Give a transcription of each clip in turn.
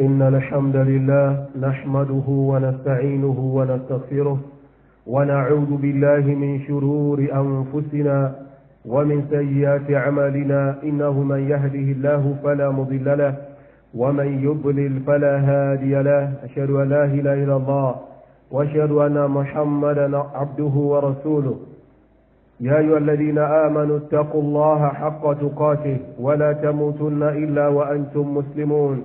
إن الحمد لله نحمده ونستعينه ونستغفره ونعوذ بالله من شرور أنفسنا ومن سيئات أعمالنا إنه من يهده الله فلا مضل له ومن يضلل فلا هادي له أشهد أن لا إله إلا الله وأشهد أن محمدا عبده ورسوله يا أيها الذين آمنوا اتقوا الله حق تقاته ولا تموتن إلا وأنتم مسلمون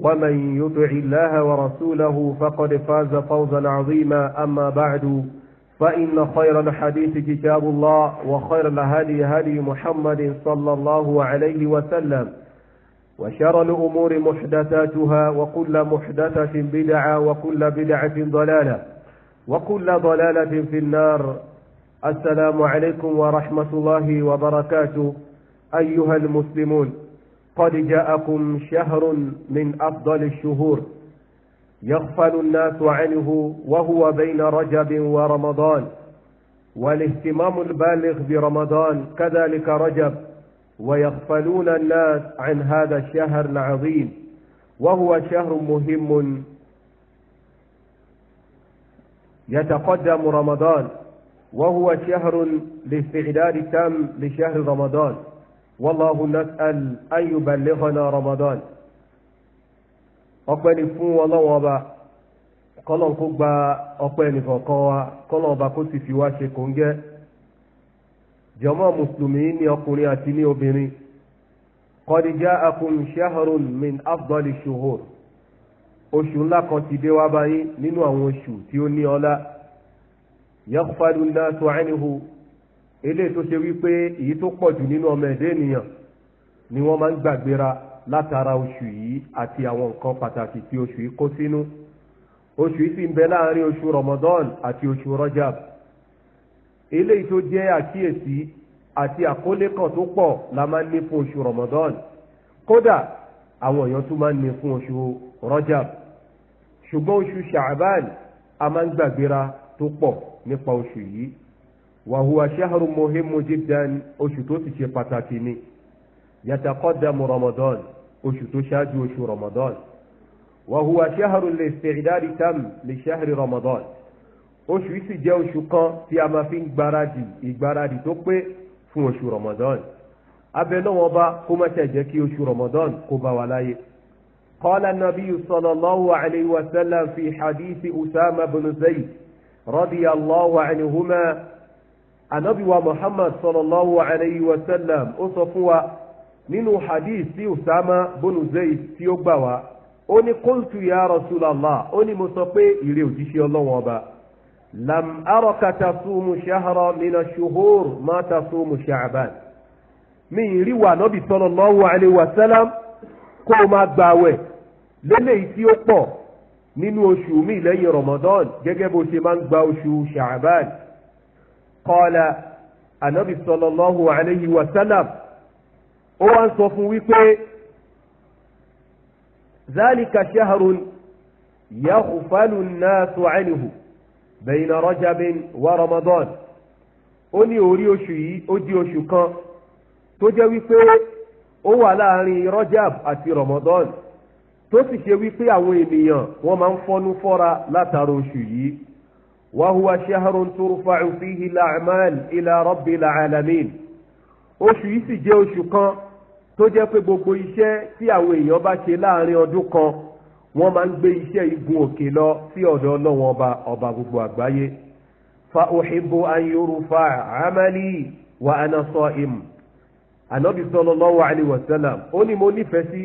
ومن يطع الله ورسوله فقد فاز فوزا عظيما أما بعد فإن خير الحديث كتاب الله وخير الهدي هدي محمد صلى الله عليه وسلم وشر الأمور محدثاتها وكل محدثة بدعة وكل بدعة ضلالة وكل ضلالة في النار السلام عليكم ورحمة الله وبركاته أيها المسلمون قد جاءكم شهر من أفضل الشهور يغفل الناس عنه وهو بين رجب ورمضان والاهتمام البالغ برمضان كذلك رجب ويغفلون الناس عن هذا الشهر العظيم وهو شهر مهم يتقدم رمضان وهو شهر لاستعداد تام لشهر رمضان والله نسأل أن yuballighana رمضان ọpẹ́ ni fún ọlọ́wọ́n ọba kọ́lọ́n kó gba ọpẹ́ nìkọ̀ọ̀kan wa kọ́lọ́n ọba kó sì fi wá ṣe kòńgẹ́ jọmọ́ mùsùlùmí ní ọkùnrin àti ní obìnrin qad ja'akum shahrun min afdali shuhur oṣù ńlá kan ti dé wá báyìí nínú àwọn oṣù tí ó ní ọlá yaghfalu nnasu anhu eléyìí tó ṣe wípé èyí tó pọ̀ jù nínú ọmọ ẹ̀dá ènìyàn ni wọ́n máa ń gbàgbéra látara oṣù yìí àti àwọn nǹkan pàtàkì tí oṣù yìí kó sínú oṣù yìí sì ń bẹ láàrin oṣù Ramadan àti oṣù Rajab eléyìí tó jẹ́ àkíyèsí àti àkólé kan tó pọ̀ la máa ń ní fún oṣù Ramadan kódà àwọn èèyàn tún máa ń ní fún oṣù Rajab ṣùgbọ́n oṣù Sha'ban a máa ń gbàgbéra tó pọ̀ nípa oṣù yìí wàhùwà ṣáhàrù muhimu jiddan oṣù tó ti ṣe pàtàkì ni yàtàkọ́dàmù ramadan oṣù tó ṣáájú oṣù ramadan wàhùwà ṣáhàrù lè ṣèdáàrí tam lè ṣáhàrì ramadan oṣù yìí sì jẹ́ oṣù kan tí a máa fi ń gbáradì ìgbáradì tó pé fún oṣù ramadan abẹ náà wọn bá kó má ṣe jẹ́ kí oṣù ramadan kó bá wa láyé. قال النبي صلى الله عليه وسلم في حديث أسامة بن زيد رضي الله عنهما anabi wa muhammad sallallahu alayhi wa sallam ó sọ fún wa nínú hadith tí usama bonu zayd tí ó gbà wá ó ní qultu ya rasulallah ó ní mo sọ pé ìrè òjíṣẹ́ ọlọ́wọ́n ọba lam araka tasumu shahra mina shuhur ma tasumu sha'ban mi ìrí wa anabi sallallahu alayhi wa sallam kó o máa gbàwẹ̀ lélẹ́yìí tí ó pọ̀ nínú oṣù mi lẹ́yìn ramadan gẹ́gẹ́ bó ṣe máa ń gba oṣù sha'ban kọ́lá ànábì sallallahu alayhi wa sallam ó wá ń sọ fún wípé zálìkà shahrun yaghfalu nnasu anhu bayna rajabin wa ramadan ó ní orí oṣù yìí ó di oṣù kan tó jẹ́ wípé ó wà láàrin rajab àti ramadan tó sì ṣe wípé àwọn ènìyàn wọ́n máa ń fọ́nú fọ́ra látara oṣù yìí وهو شهر ترفع فيه الأعمال إلى رب العالمين oṣù yìí sì jẹ́ oṣù kan tó jẹ́ pé gbogbo iṣẹ́ tí àwọn èèyàn bá ṣe láàrin ọdún kan wọ́n máa ń gbé iṣẹ́ igun òkè lọ sí ọ̀dọ̀ ọlọ́wọ́n ọba ọba gbogbo àgbáyé fa uhibbu an yurfa amali wa ana sa'im anabi sallallahu alayhi wa sallam ó ní mo nífẹ̀ẹ́ sí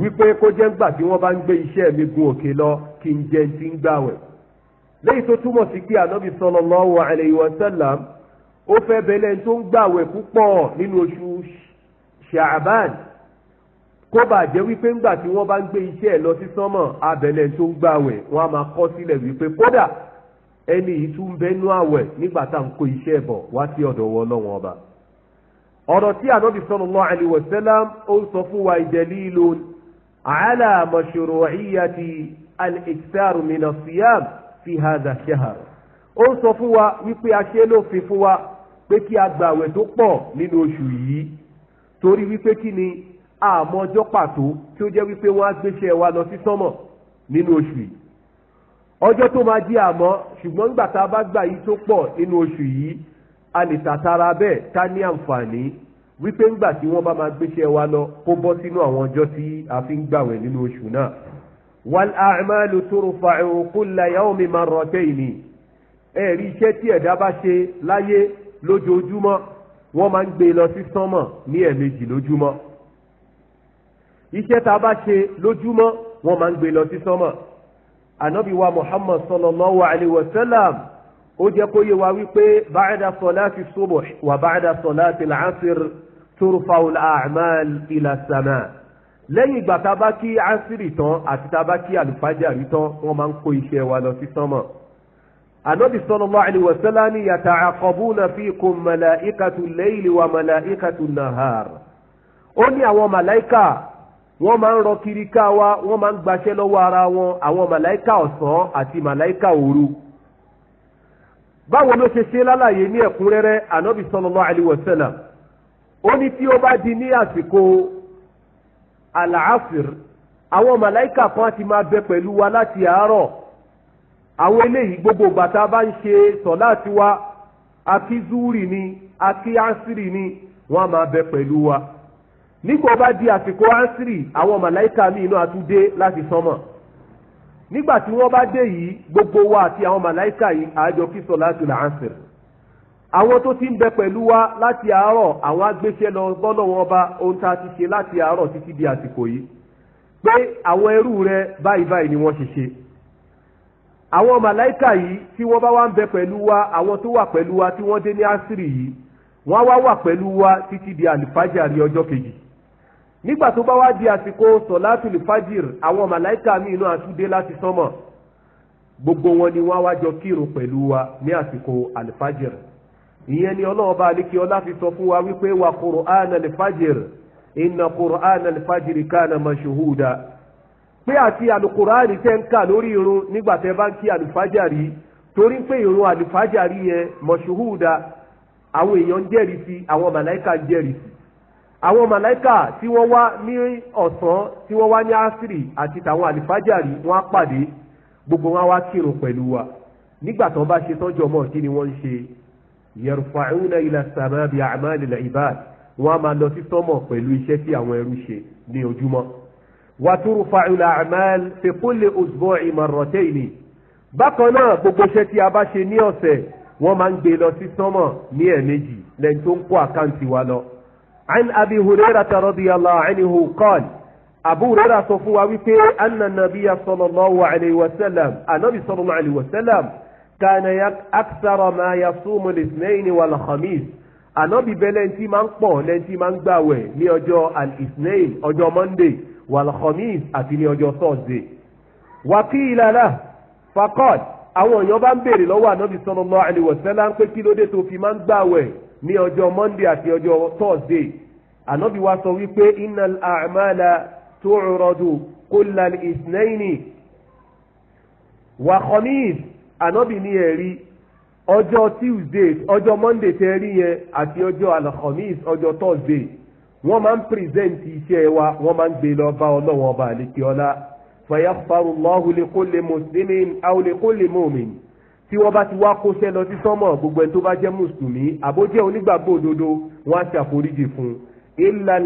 wípé kó jẹ́ ńgbà tí wọ́n bá ń gbé iṣẹ́ mi gun òkè lọ kí n jẹ́ ti ń gbàwẹ̀ lẹ́yìn tó túmọ̀ sí pé ànábì sallallahu alayhi wa sallam ó fẹ́ bẹ̀lẹ̀ tó ń gbàwẹ̀ púpọ̀ nínú oṣù ṣàbán kó bàa jẹ́ wípé ńgbà tí wọ́n bá ń gbé iṣẹ́ ẹ̀ lọ sí sánmọ̀ abẹ̀lẹ̀ tó ń gbàwẹ̀ wọ́n á máa kọ sílẹ̀ wípé kódà ẹni yìí tún bẹnu àwẹ̀ nígbà tá à ń kó iṣẹ́ ẹ̀ wá sí ọ̀dọ̀ wọ ọlọ́wọ́n ọba ọ̀rọ̀ tí ànábì sallallahu alayhi wa sallam ó sọ fún wa dalilun ala mashru'iyyati al-iktharu fi hadha shahr ó ń sọ fún wa wípé a ṣe lófin fún wa pé kí a gba àwẹ̀ tó pọ̀ nínú oṣù yìí torí wípé kí ni àmọ́jọ́ pàtó tí ó jẹ́ wípé wọ́n á gbéṣẹ́ wa lọ sí sánmọ̀ nínú oṣù yìí ọjọ́ tó máa di àmọ́ ṣùgbọ́n nígbà tá a bá gbà yìí tó pọ̀ nínú oṣù yìí a lè tàtara bẹ́ẹ̀ ká ní àǹfààní wípé ńgbà tí wọ́n bá máa gbéṣẹ́ wa lọ kó bọ́ sínú àwọn ọjọ́ tí a fi ń gbàwẹ̀ nínú oṣù náà wal a'malu turfa'u kulla yawmi marratayni ẹ̀rí iṣẹ́ tí ẹ̀dá bá ṣe láyé lójoojúmọ́ wọ́n máa ń gbé lọ sí sánmọ̀ ní ẹ̀ẹ̀mejì lójúmọ́ iṣẹ́ tá a bá ṣe lójúmọ́ wọ́n máa ń gbé lọ sí sánmọ̀ ànábì wa muhammad sallallahu alayhi wa sallam ó jẹ́ kó yé wa wípé ba'da salati subuh wa ba'da salati al-asr turfa'u al-a'mal ila lẹ́yìn ìgbà tá a bá kí asiri tán àti tá a bá kí alùfájàrí tán wọ́n máa ń kó iṣẹ́ wa lọ sí sánmọ̀. anabi sallallahu alaihi wasallam ni yata'aqabuna fikum malaikatu layli wa malaikatu nahar. ó ní àwọn màláìkà wọ́n máa ń rọ kiri ká wa wọ́n máa ń gbaṣẹ́ lọ́wọ́ ara wọn àwọn màláìkà ọ̀sán àti màláìkà òru. báwo ló ṣe ṣe lálàyé ní ẹ̀kúnrẹ́rẹ́ anabi sallallahu alaihi wasallam ó ní tí ó bá di ní àsìkò al-asr àwọn màláìkà kan ti máa bẹ pẹ̀lú wa láti àárọ̀ àwọn eléyìí gbogbo bàtà bá ń ṣe sọ̀lá tiwa àti zúrì ni àti ansiri ni wọ́n á máa bẹ pẹ̀lú wa nígbà bá di àsìkò ansiri àwọn màláìkà mi inú àtúndé láti sánmọ̀ nígbà tí wọ́n bá dé yìí gbogbo wa àti àwọn màláìkà yìí àjọ kí sọ̀lá tu la ansiri àwọn tó ti ń bẹ pẹ̀lú wa láti àárọ̀ àwọn agbésẹ́ lọ bọ́lọ̀ wọn bá ohun tá a ti ṣe láti àárọ̀ títí di àsìkò yìí pé àwọn ẹrú rẹ báyìí báyìí ni wọ́n ṣe ṣe àwọn màláìkà yìí tí wọ́n bá wá ń bẹ pẹ̀lú wa àwọn tó wà pẹ̀lú wa tí wọ́n dé ní àṣírí yìí wọ́n wá wà pẹ̀lú wa títí di àlùfájàrí ọjọ́ kejì nígbà tó bá wá di àsìkò sọ̀látùlù àwọn màláìkà míì náà tún láti sánmọ̀ gbogbo wọn ni wọ́n wá jọ kírun pẹ̀lú wa ní àsìkò àlùfájìr ìyẹn ni ọlọ́run bá alikí ọlá fi sọ fún wa wípé wa qur'an alfajir inna qur'an alfajir kana mashuhuda pé àti alukur'ani tẹ́ ń kà lórí irun nígbà tẹ́ bá ń kí alufajari torí pé irun alufajari yẹn mashuhuda àwọn èèyàn ń jẹ́rìí sí àwọn màláìka ń jẹ́rìí sí àwọn màláìka tí wọ́n wá ní ọ̀sán tí wọ́n wá ní asiri àti tàwọn alufajari wọ́n á pàdé gbogbo wọn wá kírun pẹ̀lú wa nígbà tó bá ṣe tọ́jú ọmọ kí ni wọ́n ń ṣe yarfa'una ila sàmà bíi àmàlì al-ibad wọ́n á máa lọ sí sọ́mọ̀ pẹ̀lú iṣẹ́ tí àwọn ẹrú ṣe ní ojúmọ́. wa turfa'u al-a'mal fi kulli usbu'i marratayn bákan náà gbogbo iṣẹ́ tí a bá ṣe ní ọ̀sẹ̀ wọ́n máa ń gbé lọ sí sọ́mọ̀ ní ẹ̀ẹ̀mejì lẹ́yìn tó ń kó àkáǹtì wa lọ. an abi hurairata radiyallahu anhu qala abu hurairata sọ fún wa wípé كان aksara ma yasumu lisnaini wal khamis ànábì bẹ́ẹ̀ lẹ́ntì máa ń pọ̀ lẹ́ntì máa ń gbàwẹ̀ ní ọjọ́ al-isnain ọjọ́ monday wal khamis àti thursday. wàkìlá náà fakọ́d àwọn èèyàn bá ń béèrè lọ́wọ́ ànábì sallallahu alaihi wasallam pé kí ló dé tó fi máa ń gbàwẹ̀ ní ọjọ́ monday àti ọjọ́ thursday. ànábì wa sọ wípé innal a'mala tu'radu kullal isnaini wa khamis ànábì ní ẹ̀rí ọjọ́ tuesday ọjọ́ monday tẹ́ rí yẹn àti ọjọ́ alhamis ọjọ́ thursday wọ́n máa ń pírẹsẹ̀ǹtì iṣẹ́ wa wọ́n máa ń gbé lọ bá ọlọ́wọ́n ọba àlekè ọlá fàyàfàrù lọ́hùn lè kó lè mùsùlùmí àwọn lè kó lè mọ̀mìn tí wọ́n bá ti wá kóṣẹ́ lọ sí sọ́mọ̀ gbogbo ẹni tó bá jẹ́ mùsùlùmí àbójẹ́ onígbàgbọ́ òdodo wọ́n á ṣàforíjì fún un ilal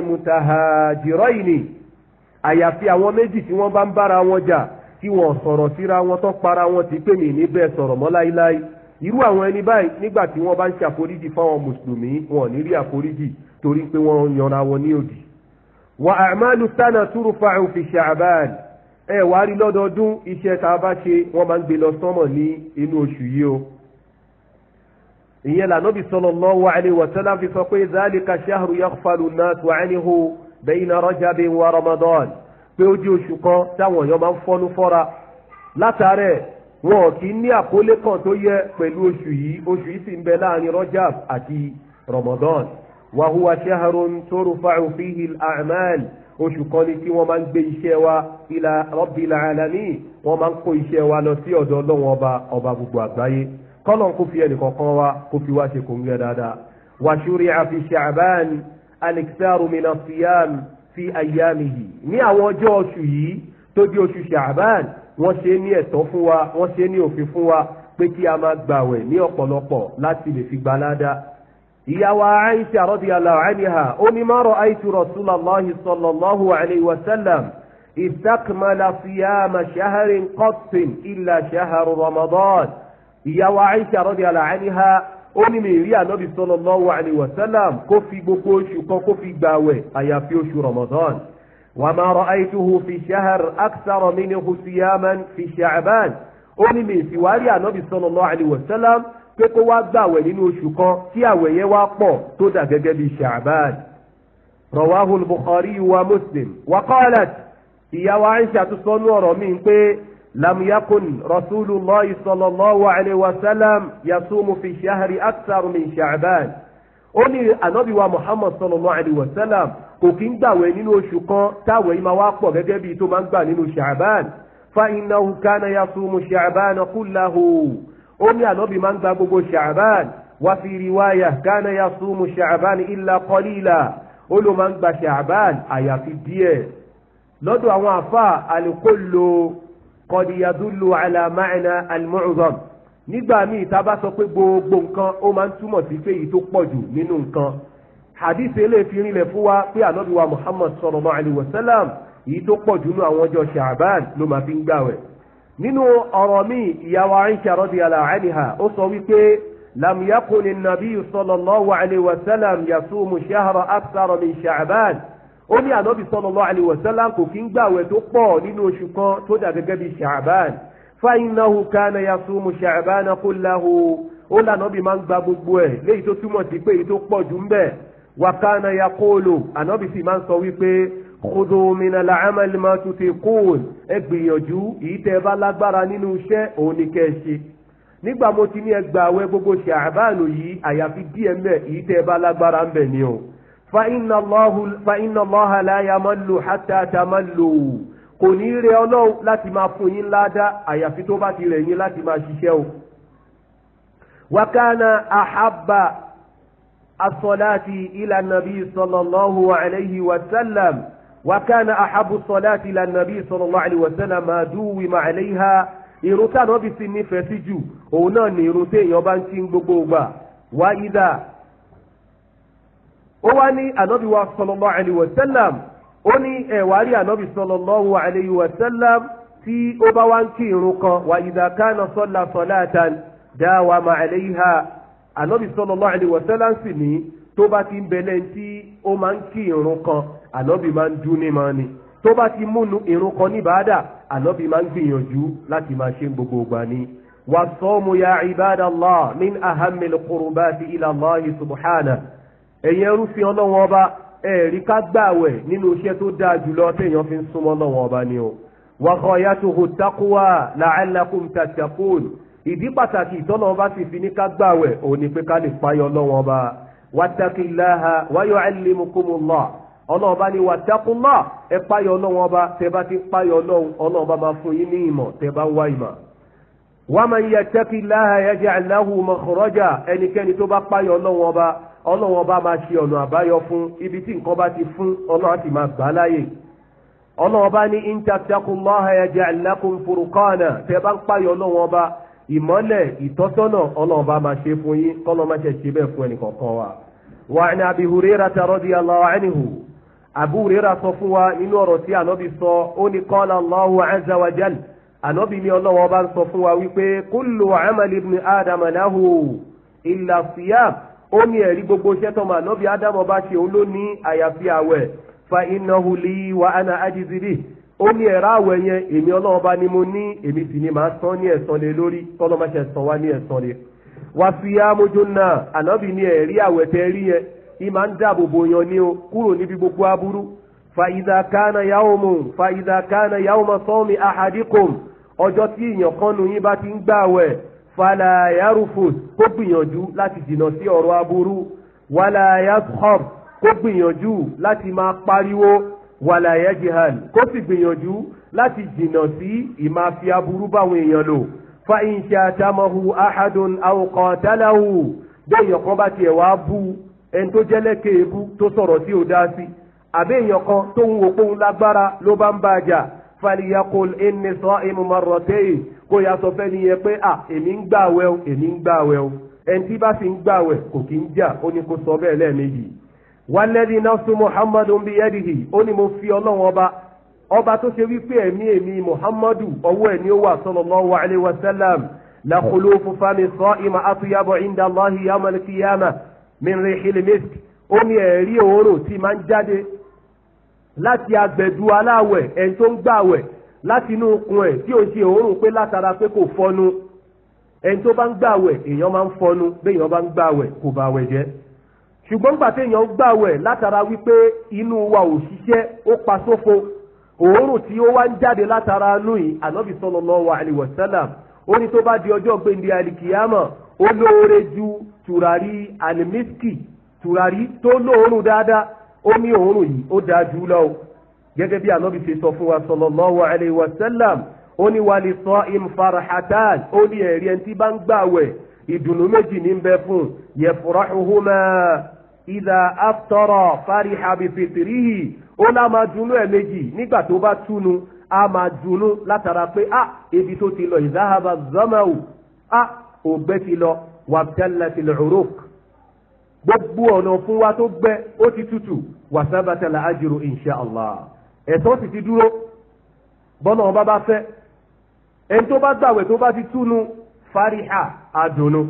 àyàfi àwọn méjì tí wọ́n bá ń bára wọn jà tí wọ́n sọ̀rọ̀ síra wọn tó para wọn ti pè mí níbẹ̀ sọ̀rọ̀ mọ́ láíláí irú àwọn ẹni báyìí nígbà tí wọ́n bá ń ṣe àforíjì fáwọn mùsùlùmí wọn ò ní rí àforíjì torí pé wọ́n yanra wọn ní òdì. wà àmàlù sánà túrùfà òfin ṣàbàn ẹ wá rí lọ́dọọdún iṣẹ́ tá a bá ṣe wọ́n máa ń gbé lọ sọ́mọ̀ ní inú oṣù yìí o. ìyẹn l'Ànábì sallallahu alaihi wa sallam fi sọ pé zalika shahru yaghfalu an-nasu anhu bayna rajabin wa ramadan pé ó di oṣù kan táwọn èèyàn máa ń fọ́nú fọ́ra látàrẹ̀ wọn kì í ní àkólé kan tó yẹ pẹ̀lú oṣù yìí oṣù yìí sì ń bẹ láàrin Rajab àti Ramadan wa huwa shahrun turfa'u fihi al-a'mal oṣù kan ni tí wọ́n máa ń gbé iṣẹ́ wa ila rabbil alamin wọ́n máa ń kó iṣẹ́ wa lọ sí ọ̀dọ̀ ọlọ́wọ́n ọba ọba gbogbo àgbáyé kọ́nà kó fi ẹnìkọ̀ọ̀kan wa kó fi wá ṣe kòǹgẹ́ dáadáa wa shuri'a fi Sha'ban al-iktharu min as fi ayyamihi ní àwọn ọjọ́ oṣù yìí tó di oṣù ṣàbán wọ́n ṣe ní ẹ̀tọ́ fún wa wọ́n ṣe ní òfin fún wa pé kí a máa gbàwẹ̀ ní ọ̀pọ̀lọpọ̀ láti lè fi gbalada. ìyá wa aisha radiyallahu anha ó ní ma ra'aytu rasulallahi sallallahu alayhi wa sallam istakmala siyama shahrin qattin illa shahru ramadan. ìyá wa aisha radiyallahu anha ó ní lè rí ànábì sallallahu alaihi wasallam kó fi gbogbo oṣù kan kó fi gbààwẹ̀ àyàfi oṣù Ramadan wa ma ra'aytuhu fi shahr akthara minhu siyaman fi Sha'ban ó ní lè fi wárí ànábì sallallahu alaihi wasallam pé kó wá gbààwẹ̀ nínú oṣù kan tí àwẹ̀ yẹn wá pọ̀ tó dà gẹ́gẹ́ bí Sha'ban rawahu bukhari wa Muslim wa qalat ìyá Aisha tó sọ ní ọ̀rọ̀ mi pé لم يكن رسول الله صلى الله عليه وسلم يصوم في الشهر أكثر من شعبان ó ní ànábì wa muhammad sallallahu alayhi wa sallam kò kí ń gbàwẹ̀ nínú oṣù kan táwẹ̀ yìí máa wá pọ̀ gẹ́gẹ́ bíi tó máa ń gbà nínú ṣàbán fa innahu kana yasumu ṣàbán kullahu ó ní ànábì máa ń gba gbogbo ṣàbán wa fi riwaya kana yasumu ṣàbán illa qalila ó ló máa ń gba ṣàbán àyàfi díẹ̀ lọ́dọ̀ àwọn àfa àlùkò lo kọ̀dí yadúlù àlàmáìnà àlùmọ́ọ̀zọ́n nígbà míì tá a bá sọ pé gbogbo nǹkan ó máa ń túmọ̀ sí pé èyí tó pọ̀ jù nínú nǹkan hadith eléyìí fi rinlẹ̀ fún wa pé ànábì wa muhammad sallallahu alaihi wasallam èyí tó pọ̀ jù nínú àwọn ọjọ́ ṣàbán ló máa fi ń gbàwẹ̀ nínú ọ̀rọ̀ míì ìyàwó àyíṣà radiyallahu anha ó sọ wípé lam yakun an-nabiy sallallahu yasumu shahra akthara min ó ní ànábì sallallahu alaihi wasallam kò kí ń gbàwẹ̀ tó pọ̀ nínú oṣù kan tó dà gẹ́gẹ́ bí ṣàbán fa innahu kana yasumu ṣàbán kullahu ó lànàbì máa ń gba gbogbo ẹ̀ léyìí tó túmọ̀ sí pé èyí tó pọ̀ jù ń bẹ̀ wa kana yaqulu ànábì sì máa ń sọ wípé khudhu min al-amali ma tutiqun ẹ gbìyànjú èyí tẹ́ ẹ bá lágbára nínú iṣẹ́ òun ni kẹ́ nígbà mo ti ní ẹ gbàwẹ̀ gbogbo ṣàbán yìí àyàfi díẹ̀ mẹ́ èyí tẹ́ ẹ bá lágbára ń ni o fàínà lọ́hà láyà máa lò hátà tá a máa lò ó kò ní rẹ ọlọ́run láti máa fún yín ládàá àyàfi tó bá ti rẹ̀ yín láti máa ṣiṣẹ́ o. wákàna àhábà asọ́láàtì ilà nàbí sọlọ́lọ́hu àlẹ́yhi wàsálàm wákàna àhábù sọláàtì ilà nàbí sọlọ́lọ́hu àlẹ́yhi wàsálàm máa dúwì máa àlẹ́yha irun táwọn bí ti nífẹ̀ẹ́ sí jù òun náà ni irun téèyàn bá ń kí gbogbo gbà wá ó wá ní ànábì wa sallallahu alayhi wa sallam ó ní ẹ̀wà rí ànábì sallallahu alayhi wa sallam tí ó bá wá ń kí irun kan wà idha kana salla salatan dawama alayha ànábì sallallahu alayhi wa sallam sì ní tó bá ti ń bẹ̀lẹ̀ tí ó máa ń kí irun kan ànábì máa ń dún ní máa ni tó bá ti múnu irun kan ní bàádà ànábì máa ń gbìyànjú láti máa ṣe gbogbo ìgbà ni. wàsọ́ọ̀mù ya ibadallah min ahammil qurbati ila Allahi ẹ̀yin ẹrúfin ọlọ́wọ́n ọba ẹ̀rí ká gbààwẹ̀ nínú iṣẹ́ tó dáa jùlọ téèyàn fi ń súnmọ́ ọlọ́wọ́n ọba ni o. wàhọ̀ yàtòhò takuwa la'allakum tatakun ìdí pàtàkì ìtọ́nà ọba sì fi ní ká gbààwẹ̀ òun ni pé ká lè payọ ọlọ́wọ́n ọba wàtàkìláha wáyọ̀ ẹ̀lẹ́mukúmùlá ọlọ́run bá ẹ ọba tẹ ti máa ọlọ́run ọba máa ṣe ọ̀nà àbáyọ fún ibi tí nǹkan bá ti fún ọlọ́run ti máa gbà láàyè ọba ní intattaqullaha yaj'al lakum furqana tẹ́ bá ń pààyọ ọlọ́run ọba ìmọ́lẹ̀ ìtọ́sọ́nà ọlọ́run ọba máa ṣe fún yín kọ́lọ́ máa ṣe ṣe bẹ́ẹ̀ fún ẹnì kọ̀ọ̀kan wa. wà ní ní ó ní ẹ̀rí gbogbo iṣẹ́ tó máa nọ́bí ádámọ̀ bá ṣe òun ló ní àyàfi àwẹ̀ fa innahu li wa ana ajizi bihi ó ní ẹ̀rá àwẹ̀ yẹn èmi ọlọ́run bá ní mo ní èmi sì ni màá san ní ẹ̀san lé lórí tọ́lọ́ máa ṣe san wá ní ẹ̀san lé. wà á fi amójú náà ànábì ní ẹ̀rí àwẹ̀ tẹ́ rí yẹn ìmà ń dáàbò bò yan ní o kúrò níbi gbogbo aburú. fa idha kana yawmun fa idha kana yawma sawmi ahadikum ọjọ́ tí ìyàn kan nù yín bá ti ń gbà wẹ̀ fala yarufus kó gbìyànjú láti dìnà sí ọ̀rọ̀ aburú wala yadkhab kó gbìyànjú láti máa pariwo wala yajhal kó sì gbìyànjú láti dìnà sí ìmáfi aburú báwọn èèyàn lò fa in shatamahu ahadun aw qatalahu bẹ́ẹ̀ èèyàn kan bá tiẹ̀ wá bú ẹni tó jẹ́lẹ́kẹ̀ ebú tó sọ̀rọ̀ tí ò sí àbẹ́ èèyàn kan tó ń wò pé òun lágbára ló bá ń bá a jà faliyakul inni sa'imu marratayn kó yà sọ fẹ́ nìyẹn pé à èmi ń gbààwẹ̀ o èmi ń gbààwẹ̀ o ẹni tí bá ti ń gbààwẹ̀ kò kí ń jà ó ní kó sọ bẹ́ẹ̀ lẹ́ẹ̀mejì wàlẹ́dí nafsu muhammadu bí yẹ́dìhì ó ní mo fi ọlọ́run ọba ọba tó ṣe wípé ẹ̀mí ẹ̀mí muhammadu ọwọ́ ẹ̀ ní ó wà sallallahu alayhi wa sallam la khulufu fami sa'ima atyabu inda allahi láti inú okun ẹ̀ tí ò ń ṣe òórùn pé látara pé kò fọnu ẹni tó bá ń gbàwẹ̀ èèyàn máa ń fọnu béèyàn bá ń gbàwẹ̀ kò bá wẹ̀ jẹ́ ṣùgbọ́n gbà téèyàn ń látara wípé inú wa ò ṣiṣẹ́ ó pa sófo òórùn tí ó wá ń jáde látara inú yìí ànábì sallallahu alaihi wasallam ó ní tó bá di ọjọ́ gbèǹde àlìkìyàmọ̀ ó lóore ju tùràrí àlìmísìkì tùràrí tó lóorùn dáadáa ó ní òórùn yìí ó dáa jù lọ gẹ́gẹ́ bí ànábì ṣe sọ fún wa sallallahu alayhi wa sallam ó ní wa li sa'im farahatan ó ní ẹ̀rí ẹni tí bá ń gbàwẹ̀ ìdùnnú méjì ní bẹ fún yafrahuhuma idha aftara fariha bi fitrihi ó lá máa dunú ẹ̀ méjì nígbà tó bá túnu á máa dunú látara pé a ebi tó ti lọ ìdáhàbà zamahu a ògbẹ́ ti lọ wabtallatil uruq gbogbo ọ̀nà fún wa tó gbẹ ó ti tútù wàsábàtàlà ajru insha ẹ̀tọ́ sì ti dúró bọ́nà ọba bá fẹ́ ẹni tó bá gbàwẹ̀ tó bá ti túnu fariha adùnú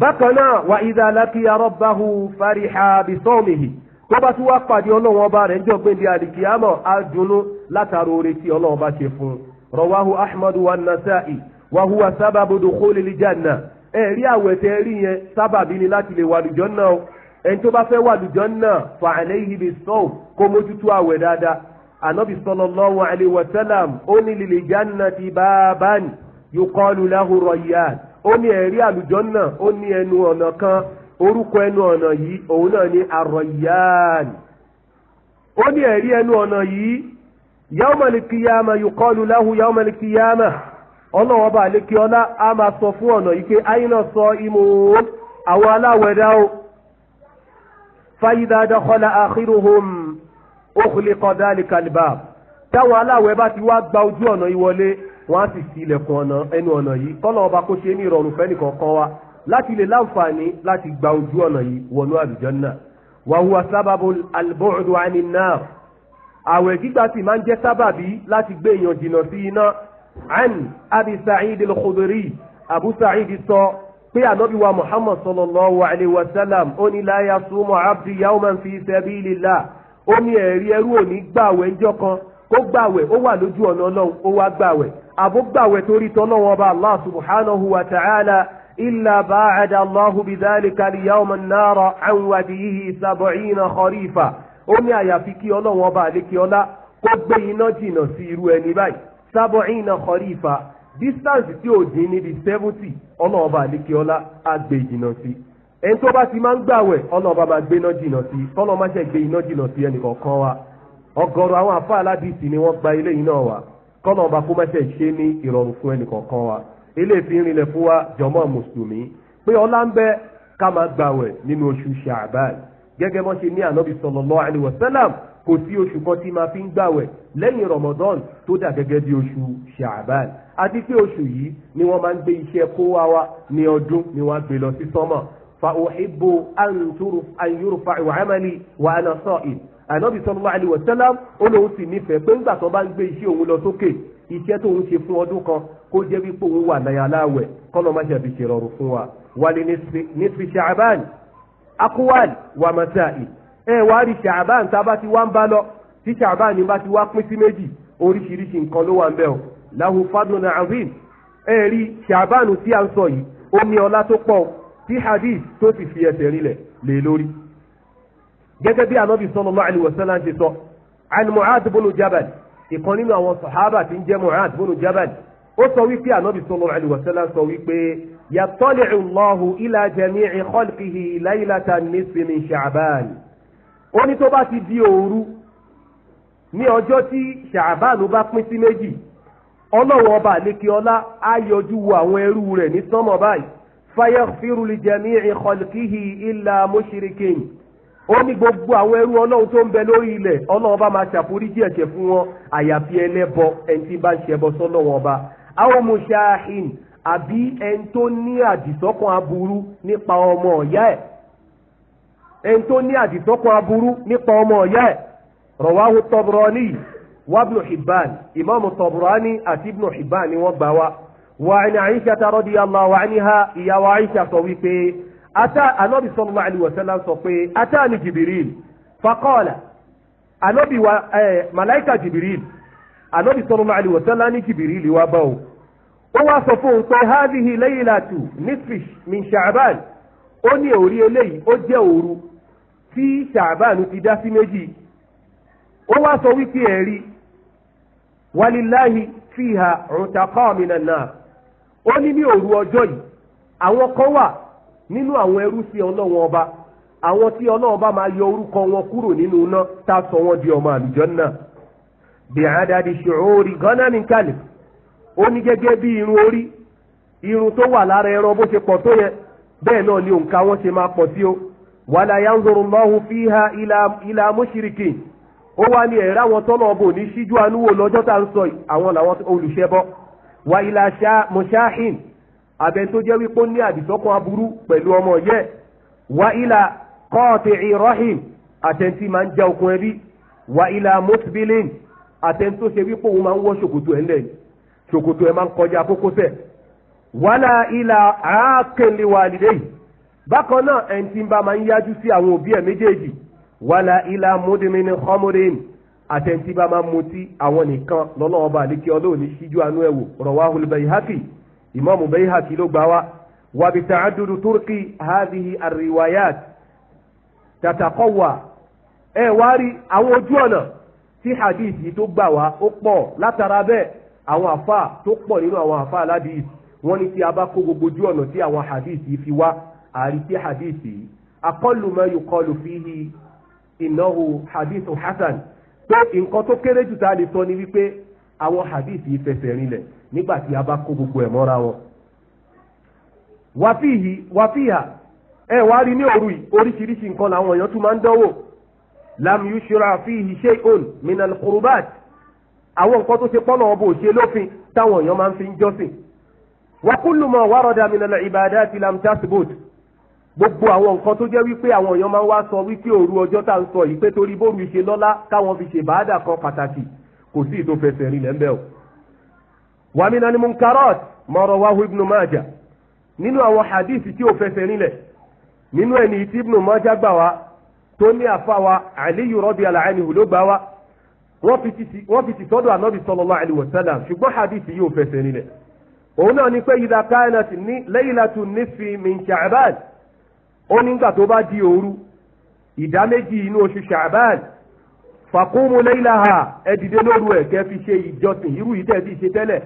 bákan náà wà idha laqiya rabbahu fariha bisawmihi tó bá tún wá pàdé ọlọ́run ọba rẹ̀ níjọ́ gbé di àdìkíyàmọ̀ adùnú látara oore tí ọlọ́run ọba ṣe fún un rawahu ahmadu wa nasa'i wa huwa sábàbù dukhuli lijanna ẹ̀rí àwẹ̀ tẹ́ rí yẹn sábàbí ni láti lè wà lùjọ́ náà ẹni tó bá fẹ́ wà lùjọ́ náà fa alayhi bis kó mójútó àwẹ̀ dáadáa anabi sallallahu alayhi wa sallam ó ní lil jannati baaban yuqalu lahu rayyan ó ní ẹ̀rí àlùjànnà ó ní ẹnu ọ̀nà kan orúkọ ẹnu ọ̀nà yìí òun náà ní ar-rayyan ó ní ẹ̀rí ẹnu ọ̀nà yìí yawmal qiyamah yuqalu lahu yawmal qiyamah ọlọ́wọ́ bá a máa sọ fún ọ̀nà yìí pé ayínà sọ imú àwọn aláwẹ̀dá o fayida dakhala akhiruhum ukhliqa dhalika al-bab táwọn aláwẹ̀ bá ti wá gba ojú ọ̀nà ìwọlé wọn á sì fi ilẹ̀kùn ọ̀nà ẹnu ọ̀nà yìí kọ́nà ọba kó ṣe ní ìrọ̀rùn fẹ́ nìkan kan wa láti lè láǹfààní láti gba ojú ọ̀nà yìí wọnú àlùjánnà. wa huwa sábàbù al-bu'du 'ani àwẹ̀ gbígbà sì máa ń jẹ́ sábàbí láti gbé èèyàn jìnnà sí iná. an abi sa'id al-khudri abu sa'id sọ pé ànábì wa muhammad sallallahu alayhi wa sallam ó ní la yasumu 'abdi yawman fi sabilillah ó ní ẹ̀rí ẹrú òní gbàwẹ̀ ńjọ́ kan kó gbàwẹ̀ ó wà lójú ọ̀nà ọlọ́run ó wá gbàwẹ̀ àbó gbàwẹ̀ torí tọ́lọ́wọ́n ọba allah subhanahu wa ta'ala illa ba'ada allahu bidhalika liyawma nara an wadiyihi sab'ina kharifa ó ní àyàfi kí ọlọ́run ọba àlékè ọlá kó gbé iná jìnnà sí irú ẹni báyìí sab'ina kharifa distance tí ò dín níbi seventy ọlọ́run ọba àlékè ọlá á gbé sí i ẹni tó bá ti máa ń gbàwẹ̀ ọlọ́ọ̀bá máa gbé iná jìnà sí tọ́lọ́ máa ṣe gbé iná jìnà sí ẹnì kọ̀ọ̀kan wa ọ̀gọ̀rọ̀ àwọn àfa aládìsí ni wọ́n gba ilé yìí náà wá kọ́lọ́ọ̀bá kó máa ṣe ṣe ní ìrọ̀rùn fún ẹnì kọ̀ọ̀kan wa ilé ìfín rinlẹ̀ fún wa jọmọ́ mùsùlùmí pé ọlá ń bẹ ká máa gbàwẹ̀ nínú oṣù ṣàbáì gẹ́gẹ́ bọ́n ṣe ní ànábì sallallahu alaihi wasallam kò sí oṣù kan tí máa Ramadan tó dà gẹ́gẹ́ bí oṣù ṣàbáì àti ni wọ́n máa ń gbé iṣẹ́ ni wọ́n á gbé فأحب أن يرفع عملي وأنا صائم ànábì sallallahu alaihi wasallam ó lóun sì nífẹ̀ẹ́ pé ńgbà tó bá ń gbé iṣẹ́ òun lọ sókè iṣẹ́ tóun ṣe fún ọdún kan kó jẹ́ wípé òun wà láyà aláwẹ̀ kọ́nà má ṣàbí ṣe rọrùn fún wa wàlẹ̀ nisfi ṣàbán akuwal wà màsáì ẹ wá rí ṣàbán tá a bá ti wá ń bá lọ tí ṣàbán ni bá ti wá pín sí méjì oríṣiríṣi nǹkan ló wà ń bẹ̀ o lahu fadlun azim ẹ rí ṣàbán tí a ń sọ yìí ó ní ọlá tó pọ̀ tí hadith tó sì fi ẹsẹ̀ rinlẹ̀ lé lórí. gẹ́gẹ́ bí anabi sallallahu alaihi wasallam ti sọ an mu'ad bonu jabal ìkan nínú àwọn sahaba tí ń jẹ́ mu'ad bonu jabal ó sọ wípé anabi sallallahu alaihi wasallam sọ wípé yattali'u sha'ban ó ní tó bá ti di òru ní ọjọ́ tí bá pín sí méjì ọlọ́wọ́ ọba ọlá á yọjú wo àwọn ẹrú rẹ̀ ní fayaghfiru li jami'i khalqihi illa mushrikin ó ní gbogbo àwọn ẹrú ọlọ́run tó ń bẹ lórí ilẹ̀ ọlọ́run bá máa ṣàforíjì ẹ̀ṣẹ̀ fún wọn àyàfi ẹlẹ́bọ ẹni tí bá ń ṣẹbọ sọ́lọ́run ọba àwọn mushahin àbí ẹni tó ní àdìsọ́kàn aburú nípa ọmọ ọ̀yá ẹ̀ ẹni tó ní àdìsọ́kàn aburú nípa ọmọ ọ̀yá ẹ̀ rawahu Tabrani wa Ibn Hibban ìmáàmù Tabrani àti Ibn Hibban wọ́n gbà wá. وعن عائشة رضي الله عنها يا عائشة صويبي أتى النبي صلى الله عليه وسلم صويبي أتاني جبريل فقال النبي و... ملائكة جبريل النبي صلى الله عليه وسلم جبريل وبو هو صفوه هذه ليلة نصف من شعبان أني أوري لي eléyìí ó jẹ́ òru tí ṣàbánu ti dá sí méjì ó wá sọ wípé ẹ̀rí ó ní ní òru ọjọ́ yìí àwọn kan wà nínú àwọn ẹrú sí ọlọ́wọ́n ọba àwọn tí ọlọ́wọ́n bá máa yọ orúkọ wọn kúrò nínú iná tá a sọ wọn di ọmọ àlùjọ àlùjànnà bìhádàdì ṣòórì gánà ní kálí ó ní gẹ́gẹ́ bí irun orí irun tó wà lára ẹran bó ṣe pọ̀ tó yẹ bẹ́ẹ̀ náà ni òǹkà wọn ṣe máa pọ̀ sí o wàlà yanzuru fi ha ila mushrikin ó wá ní ẹ̀rá wọn tọ́nà ọbọ̀ ní ṣíjú àánú wò lọ́jọ́ tá à ń sọ àwọn làwọn olùṣẹ́bọ́ wà ìlàṣà mọ̀ṣáhìn abẹ tó jẹ́ wípé ó ní àdìsọ́kàn aburú pẹ̀lú ọmọ yẹ wà ìlà kọ́ọ̀tì ìrọ́hìn àtẹ̀ntì máa ń já okun ẹbí wà ìlà mọ́tìbílìn àtẹ̀ntì tó ṣe wípé òun máa ń wọ́ ṣòkòtò ẹ̀ ńlẹ̀ ṣòkòtò ẹ̀ máa ń kọjá kókósẹ̀ wàlà ìlà àákẹ́lẹ́wàlìdẹ́yìí bákan náà ẹ̀ǹtì bá máa ń yájú sí àwọn òbí ẹ̀ méjèèjì wàlà ìlà mọ́dìmínì àtẹ̀ntì bá máa mutí àwọn nìkan lọ́nà ọba àlékè ọlọ́ọ̀ni síjú anú ẹ̀wò rawahul bayhaqi ìmáàmù bayhaqi ló gbà wá wàbí tàádùdù turki hadhihi arriwayat tatakọ́wà ẹ̀ wá rí àwọn ojú ọ̀nà tí hadithi tó gbà wá ó pọ̀ látara bẹ́ẹ̀ àwọn àfa tó pọ̀ nínú àwọn àfa aládìí wọ́n ní tí a bá kó gbogbo ojú ọ̀nà tí àwọn hadithi fi wá àrí tí hadithi akọ́lùmọ́ yóò kọlù fíhi innahu hadithu hasan pé nǹkan tó kéré jù tá a lè sọ ni wípé àwọn hadith yìí fẹsẹ̀ rinlẹ̀ nígbà tí a bá kó gbogbo ẹ̀ mọ́ra wọn. wàfíì wàfíà ẹ wá rí ní òru yìí oríṣiríṣi nǹkan làwọn èèyàn tún máa ń dánwò lam yushra fihi shay'un min al-qurubat àwọn nǹkan tó ṣe pọ́nà ọbọ̀ òṣè lófin táwọn èèyàn máa ń fi ń jọ́sìn. wa kullu ma warada min al gbogbo àwọn nǹkan tó jẹ́ wípé àwọn èèyàn máa ń wá sọ wípé òru ọjọ́ tá à ń sọ yìí pé torí bóru ṣe lọ́lá káwọn fi ṣe bàádà kan pàtàkì kò sí ìtò fẹsẹ̀ rìn lẹ́ńbẹ́ o. wàmínà ni munkarot mọ̀rọ̀ wáhù ibnu májà nínú àwọn hadithi tí ò fẹsẹ̀ rinlẹ̀ nínú ẹni tí ibnu májà gbà wá tó ní àfa wa aliyu rọ́bì alaanihu ló gbà wá wọ́n fi ti sọ́dọ̀ anabi sallallahu alaihi wasallam ṣùgbọ́n hadithi yìí ò fẹsẹ̀ rinlẹ̀ òun náà ni pé ìdàkáyà ó nígbà tó bá di òru ìdá méjì inú oṣù ṣàbán fàkúmu lẹ́yìnláha ẹ dìde lóru ẹ̀ kẹ́ fi ṣe ìjọsìn irú yìí tẹ̀ fi ṣe tẹ́lẹ̀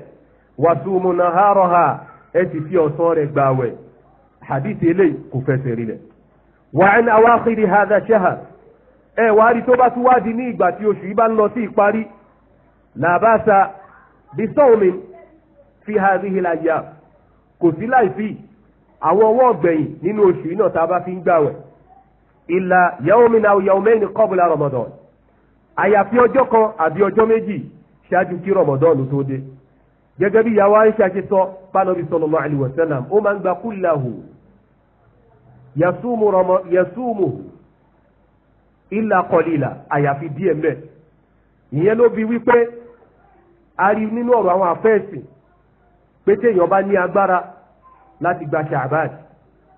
wàsùnmù ha ẹ fi ọ̀sán rẹ̀ gbààwẹ̀ hadith eléyìí kò fẹsẹ̀ rinlẹ̀. wà á awáhìrì hadha shahar ẹ wàá rí tó bá tún wá di ní ìgbà tí oṣù yìí bá ń lọ sí ìparí làbáṣà fi kò sí àwọn ọwọ́ ọ̀gbẹ̀yìn nínú oṣù yìí náà tá a bá fi ń gbàwẹ̀ ìlà yawmin aw yawmayn qabla Ramadan àyàfi ọjọ́ kan àbí ọjọ́ méjì ṣáájú kí Ramadan tó dé gẹ́gẹ́ bí ìyàwó Aisha ṣe sọ pánọ́bí sallallahu alaihi wasallam ó máa ń gba kullahu yasumu illa qalila àyàfi díẹ̀ mẹ́ ìyẹn ló bi wípé a rí nínú ọ̀rọ̀ àwọn àfẹ́ẹ̀sì pé láti gba ṣàbáàd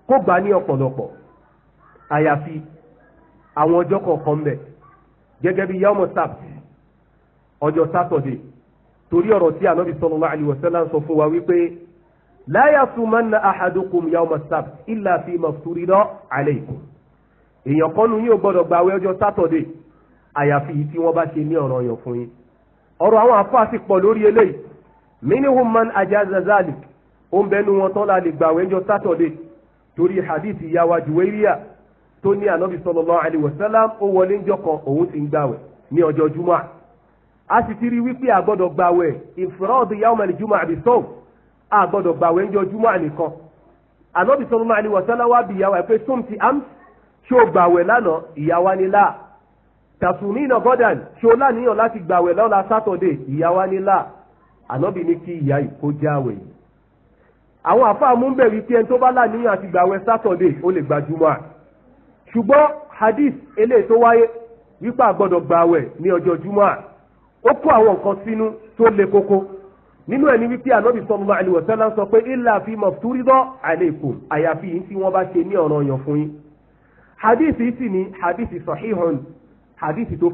kó gbà ní ọ̀pọ̀lọpọ̀ àyàfi àwọn ọjọ́ kọ̀ọ̀kan bẹ̀ gẹ́gẹ́ bí yawm sabt ọjọ́ sátọ̀dé torí ọ̀rọ̀ tí ànábì sallallahu alaihi wasallam sọ fún wa wípé la yasumanna ahadukum yawm sabt illa fi mafturida alaykum èèyàn kan nu yín ò gbọ́dọ̀ gbààwẹ̀ ọjọ́ sátọ̀dé àyàfi yìí tí wọ́n bá ṣe ní ọ̀ranyàn fún yín ọ̀rọ̀ àwọn àfáà sì pọ̀ lórí eléyìí minhum man ajaza zalik ó ń bẹnu wọn tán la lè gbàwẹ̀ ńjọ́ sátọ̀dé torí hadith ìyàwó Juwairiya tó ní ànábì sallallahu alaihi wasallam ó wọlé ńjọ́ kan òun ti ń gbàwẹ̀ ní ọjọ́ jumá a sì ti rí wípé a gbọ́dọ̀ gbàwẹ̀ ìfúráọ̀dù yawm al-jumá àbí sọ́ọ̀ a gbọ́dọ̀ gbàwẹ̀ ńjọ́ jumá nìkan ànábì sallallahu alaihi wasallam wá bí ìyàwó ẹ̀ pé sumti am ṣó gbàwẹ̀ lánàá ìyàwó ni láà tàtúmínà gọ́dàn ṣó láníyàn láti gbàwẹ̀ lọ́la sátọ̀dé ìyàwó ni láà ànábì ní kí ìyá ìkó jáwẹ̀ yìí àwọn àfáà mú bẹ̀rù pé ẹni tó bá láníyàn àti gbàwẹ̀ sátọ̀dé ó lè gbajúmọ̀ à ṣùgbọ́n hadith eléyìí tó wáyé wípé àgbọ̀dọ̀ gbàwẹ̀ ní ọjọ́ júmọ̀ à ó kó àwọn nǹkan sínú tó le koko nínú ẹni wípé ànábì sallallahu alaihi wasallam sọ pé illa fi mafturidọ alaykum àyàfi yìí tí wọ́n bá ṣe ní ọ̀ràn yàn fún yín hadith yìí sì ni hadith sahihun hadith tó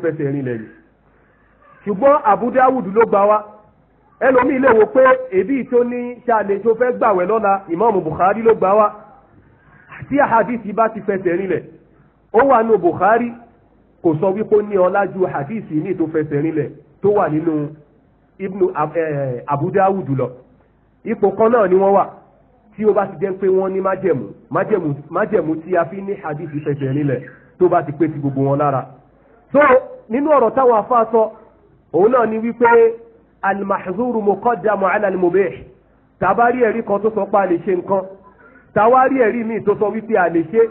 ẹlòmíì lè wo pé èbí tó ní ṣáàlè tó fẹ́ gbàwẹ̀ lọ́la ìmáàmù Bukhari ló gbà wá tí àhàdìsí bá ti fẹsẹ̀ rinlẹ̀ ó wà nù Bukhari kò sọ wípé ó ní ọlá ju àhàdìsí ní tó fẹsẹ̀ rinlẹ̀ tó wà nínú ibnu eh, Abu Dawud lọ ipò kan náà ni wọ́n wà tí ó bá ti jẹ́ pé wọ́n ní májẹ̀mú májẹ̀mú májẹ̀mú tí a fi ní àhàdìsí fẹsẹ̀ rinlẹ̀ tó bá ti pé ti gbogbo wọn lára so nínú ọ̀rọ̀ táwọn afá sọ òun náà ni wípé al-mahzuru muqaddamu ala al-mubih tàbá rí ẹ̀rí kan tó sọ pé a lè ṣe nǹkan tàwa rí ẹ̀rí míì tó sọ wípé a lè ṣe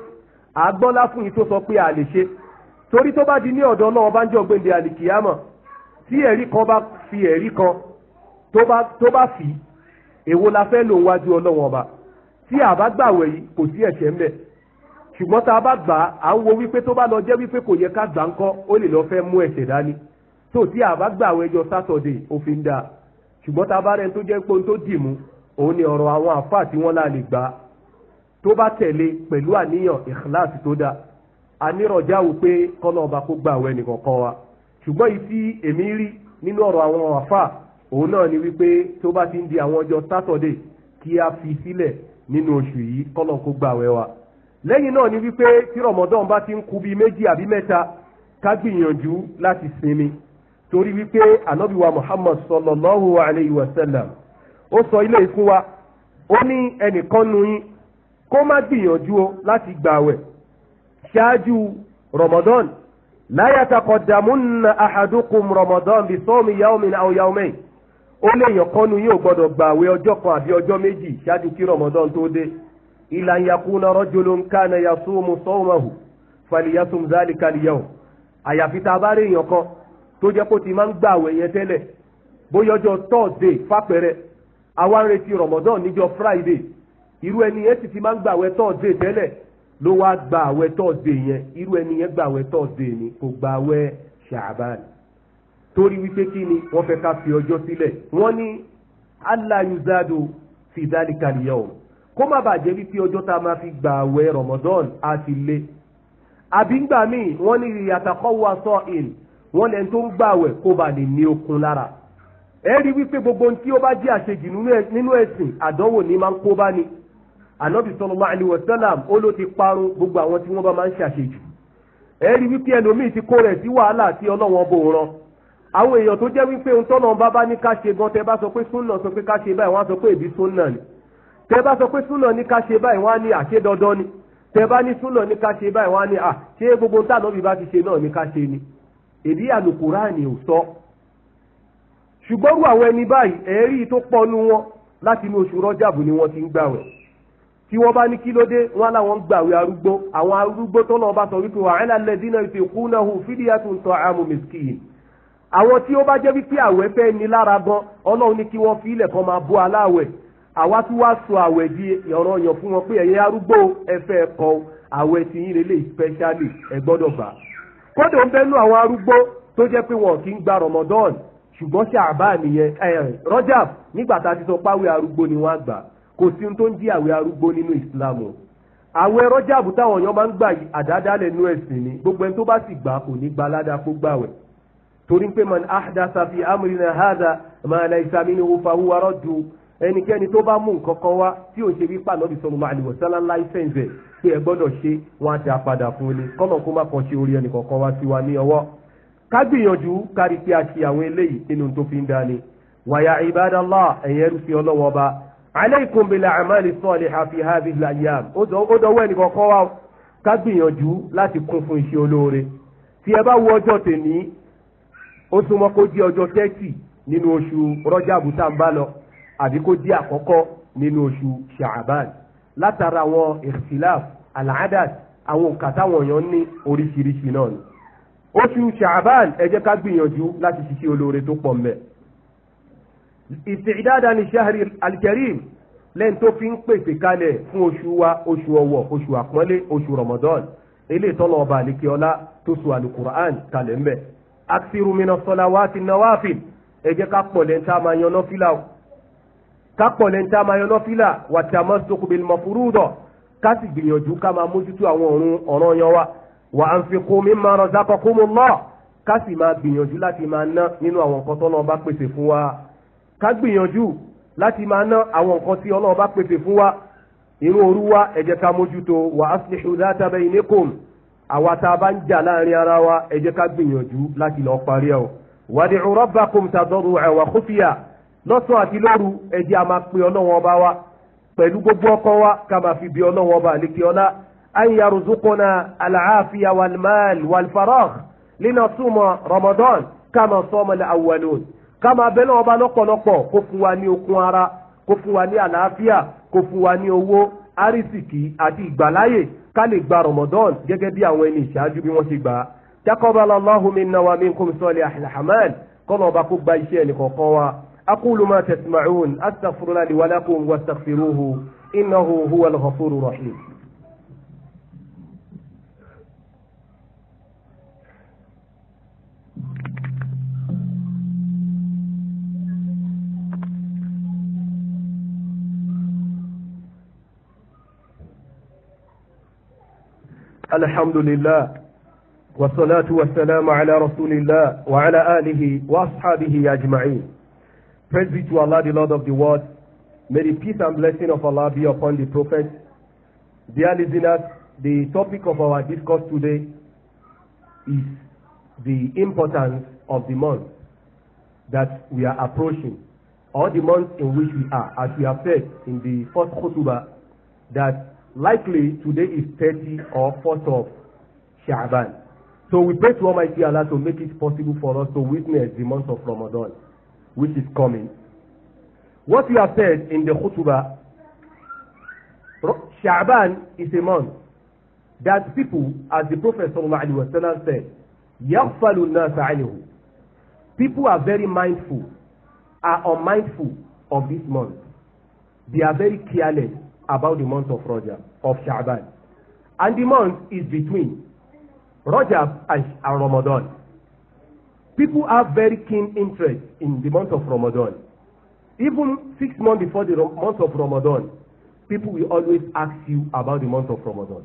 àgbọ́lá fún yìí tó sọ pé a lè ṣe torí tó bá di ní ọ̀dọ̀ náà bá ń jọ gbèǹde àlìkìyàmọ̀ tí ẹ̀rí kan bá fi ẹ̀rí kan tó bá fi èwo la fẹ́ lò wájú ọlọ́wọ́n ọba tí àbá gbàwẹ̀ yìí kò sí ẹ̀ṣẹ̀ ń ṣùgbọ́n tá a bá gbà á ń wo wípé tó bá lọ jẹ́ wípé kò yẹ ká gbà ńkọ́ ó lè lọ fẹ́ mú ẹ̀ṣẹ̀ dání tó tí a bá gbàwé ẹjọ́ sátọ̀dé òfin dà ṣùgbọ́n tá a bá rẹ tó jẹ́ pé ohun tó dì mú òun ni ọ̀rọ̀ àwọn àfáà tí wọ́n láàlè gbà tó bá tẹ̀lé pẹ̀lú àníyàn ìkíláàsì tó dáa anírọ̀já wò pé kọ́nà ọba kó gbàwé ẹnìkọ̀ọ̀kan wa ṣùgbọ́n yìí tí èmi rí nínú ọ̀rọ̀ àwọn àfáà òun náà ni wípé tó bá ti ń di àwọn ọjọ́ sátọ̀dé kí a fi sílẹ̀ nínú oṣù yìí kọ́nà kó gbàwé wa lẹ́yìn náà ni wípé tí rọ̀mọ́dọ́n bá ti ń kù bíi torí wípé ànábì wa muhammad sallallahu alayhi wa sallam ó sọ ilé ìfún wa ó ní ẹnìkan nu yín kó má gbìyànjú o láti gbààwẹ̀ ṣáájú ramadan la yataqaddamunna ahadukum ramadan bi sawmi yawmin aw yawmayn ó léèyàn kọ́nu yóò gbọ́dọ̀ gbààwẹ̀ ọjọ́ kan àbí ọjọ́ méjì ṣáájú kí ramadan tó dé illa an yakuna rajulun kana yasumu sawmahu falyasum dhalika àyàfi tá a bá rí èèyàn kan tó jẹ́ kó ti máa ń gbà àwẹ̀ tẹ́lẹ̀ bóyá ọjọ́ thursday fàpẹ̀rẹ̀ àwa ń retí ramadan níjọ́ friday irú ẹni yẹn sì ti máa ń gbà àwẹ̀ thursday tẹ́lẹ̀ ló wá gba àwẹ̀ thursday yẹn irú ẹni yẹn gba àwẹ̀ thursday ni kò gba àwẹ̀ ṣàbàn torí wípé kí ni wọ́n fẹ́ ká fi ọjọ́ sílẹ̀ wọ́n ní alayuzado fi dáríkàlìyà o kó má bàjẹ́ wípé ọjọ́ tá a máa fi gba àwẹ̀ ramadan á ti lé àbí ńgbà míì wọ́n ní ìyàtàkọ́wọ́ aṣọ ìlú wọ́n lẹ́ni tó ń gbàwẹ̀ kó ba lè ní okun lára ẹ rí wípé gbogbo ohun tí ó bá jẹ́ àṣejù nínú ẹ̀sìn àdánwò ní máa ń kó bá ni ànábì sallallahu alaihi wasallam ó ló ti parun gbogbo àwọn tí wọ́n bá máa ń ṣàṣejù ẹ rí wípé ẹlòmíì ti kó rẹ̀ sí wàhálà àti ọlọ́wọ́n bò rán àwọn èèyàn tó jẹ́ wípé ohun tọ́nà bá bá ní ká ṣe gan tẹ bá sọ pé súnà sọ pé ká ṣe báyìí wọ́n á sọ pé èbí súnà ni tẹ bá sọ pé súnà ní ká ṣe báyìí wọ́n á ní àṣẹ dandan ni tẹ bá ní súnà ní ká ṣe báyìí wọ́n á ní à ṣé gbogbo táwọn bí bá ti ṣe náà ní ká ṣe ni èdè àlùkùránì ò sọ ṣùgbọ́n rú àwọn ẹni báyìí ẹ̀rí tó pọnú wọn láti inú oṣù rọ́jàbù ni wọ́n ti ń gbàwẹ̀ tí wọ́n bá ní kí ló dé wọ́n láwọn ń arúgbó àwọn arúgbó tó náà bá sọ wípé àwọn tí ó bá jẹ́ wípé àwẹ̀ fẹ́ ni lára gan ọlọ́run ní kí wọ́n fi ilẹ̀ kan máa aláwẹ̀ àwa tí kódà ó ń bẹ́nu àwọn arúgbó tó jẹ́ pé wọn kì í gba Ramadan ṣùgbọ́n ṣàbá nìyẹn eh, Rajab nígbà tá a ti sọ páwé arúgbó ni wọ́n á gbà kò sí ohun tó ń di àwẹ̀ arúgbó nínú ìsìlámù àwẹ̀ Rajab táwọn èèyàn máa ń gbà yìí àdádálẹ̀ nú ẹ̀sìn ni gbogbo ẹni tó bá sì gbà kò ní gba aládàá kó gbàwẹ̀ torí pé man ahdasa fi amrina hadha ma laysa minhu fahuwa raddu ẹnikẹ́ni tó bá mú nǹkan kan wá tí ò ṣe wí pàánà bí sọ̀rọ̀ máa lùwọ̀ sálá láì fẹ̀ǹfẹ̀ pé ẹ gbọ́dọ̀ ṣe wọn á dá fún ni kọ́nà kó má kàn ṣe orí ẹnìkan kan wá sí wa ní ọwọ́. ká gbìyànjú kárí pé a ṣe àwọn eléyìí nínú tó fi ń dá ni. wàyà ibadallah ẹ̀yẹ rú sí ọlọ́wọ́ ọba. alaykum bil a'mali salihah fi hadhihi al-ayyam ó dọwọ́ àbí kó jẹ́ àkọ́kọ́ nínú oṣù ṣaaban látara àwọn ìṣìláf alaadat àwọn òǹkà táwọn èèyàn ní oríṣiríṣi náà ni oṣù ṣaaban ẹ jẹ́ ká gbìyànjú láti ṣiṣẹ́ olóore tó pọ̀ mbẹ́ ìsìdáda ni ṣahari alkarim lẹ́yìn tó fi ń pèsè kalẹ̀ fún oṣù wa oṣù ọ̀wọ̀ oṣù àpọ́nlé oṣù ramadan eléyìí tọ́lọ̀ ọba àlekè tó so alukur'an kalẹ̀ mbẹ́ aksiru mina salawati nawafil ẹ jẹ́ ká pọ̀ lẹ́ńtà máa yan náfìlà kápọ̀ lẹ́ni tá a máa yan nọ́fìlà wà tí a máa sọ́kù bẹ́ẹ̀ mọ̀ fúrúdọ̀ ká sì gbìyànjú ká máa mójútó àwọn ọ̀run ọ̀ràn yan wa wà á fi kó mi máa rọ̀dá kọ́kọ́ mu lọ ká sì máa gbìyànjú láti máa ná nínú àwọn nǹkan náà bá pèsè fún wa ká gbìyànjú láti máa ná àwọn nǹkan tí bá pèsè fún wa irun òru wa ẹ jẹ́ ká mójútó wà aslihu dhata bainikum àwa tá bá ń jà láàrin ara wa ẹ jẹ́ ká gbìyànjú láti lọ́ọ́ parí ẹ̀ o wadi'u rabbakum tadarru'an wa khufiya lọ́sàn àti lóru ẹ̀dí a máa pe ọlọ́wọ́n ọba wa pẹ̀lú gbogbo ọkọ wa ká máa fi bí ọlọ́wọ́n ọba àlekè ọlá an yaruzukuna alaafiya walmal walfarah nínú súnmọ́ ramadan ká máa sọmọ lẹ awalon ká máa bẹ́ẹ̀ náà ọba lọ́pọ̀lọpọ̀ kó fún wa ní okun ara kó fún wa ní àlàáfíà kó fún wa ní owó arísìkì àti ìgbàláyè ká lè gba ramadan gẹ́gẹ́ bí àwọn ẹni ìṣáájú bí wọ́n ti gbà á taqabbalallahu minna wa minkum salihal a'mal kọ́nà ọba kó gba iṣẹ́ ẹnì kọ̀ọ̀kan wa أقول ما تسمعون أستغفر الله لي ولكم واستغفروه إنه هو الغفور الرحيم الحمد لله والصلاة والسلام على رسول الله وعلى آله وأصحابه أجمعين Praise be to Allah, the Lord of the world. May the peace and blessing of Allah be upon the Prophet. Dear listeners, the topic of our discourse today is the importance of the month that we are approaching, or the month in which we are, as we have said in the first khutbah, that likely today is 30 or 4th of Sha'ban. So we pray to Almighty Allah to make it possible for us to witness the month of Ramadan which is coming. What you have said in the khutbah, Sha'ban is a month that people, as the Prophet sallallahu alaihi wasallam said, yaghfalu النَّاسَ nas People are very mindful, are unmindful of this month. They are very careless about the month of Rajab, of Sha'ban. And the month is between Rajab and Ramadan people have very keen interest in the month of Ramadan. Even six months before the month of Ramadan, people will always ask you about the month of Ramadan.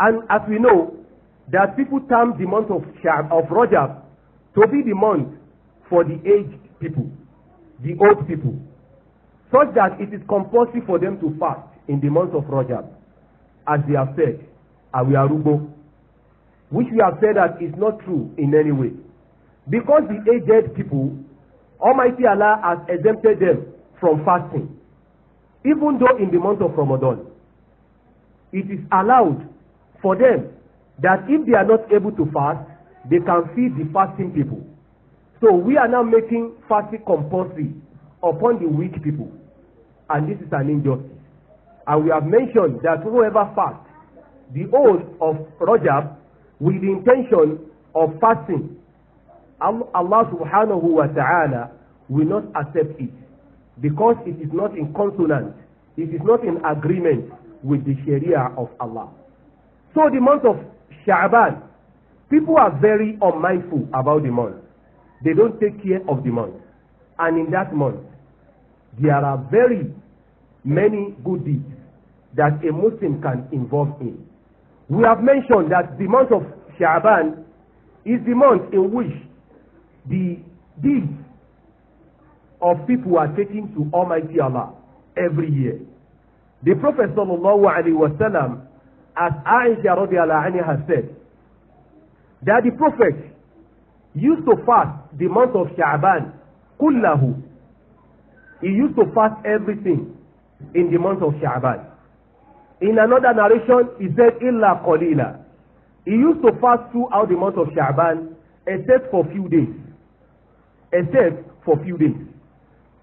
And as we know, that people term the month of Shab of Rajab to be the month for the aged people, the old people, such that it is compulsory for them to fast in the month of Rajab, as they have said, awi arúgbó, which we have said that is not true in any way. Because the aged people, Almighty Allah has exempted them from fasting. Even though in the month of Ramadan, it is allowed for them that if they are not able to fast, they can feed the fasting people. So we are now making fasting compulsory upon the weak people. And this is an injustice. And we have mentioned that whoever fasts the oath of Rajab with the intention of fasting Allah subhanahu wa ta'ala will not accept it because it is not in consonant. it is not in agreement with the Sharia of Allah. So the month of Sha'ban, people are very unmindful about the month. They don't take care of the month. And in that month, there are very many good deeds that a Muslim can involve in. We have mentioned that the month of Sha'ban is the month in which the deeds of people who are taken to Almighty Allah every year. The Prophet sallallahu as Aisha radiallahu anha has said, that the Prophet used to fast the month of Sha'ban, kullahu. He used to fast everything in the month of Sha'ban. In another narration, he said, illa qalila. He used to fast throughout the month of Sha'ban, except for few days except for few days.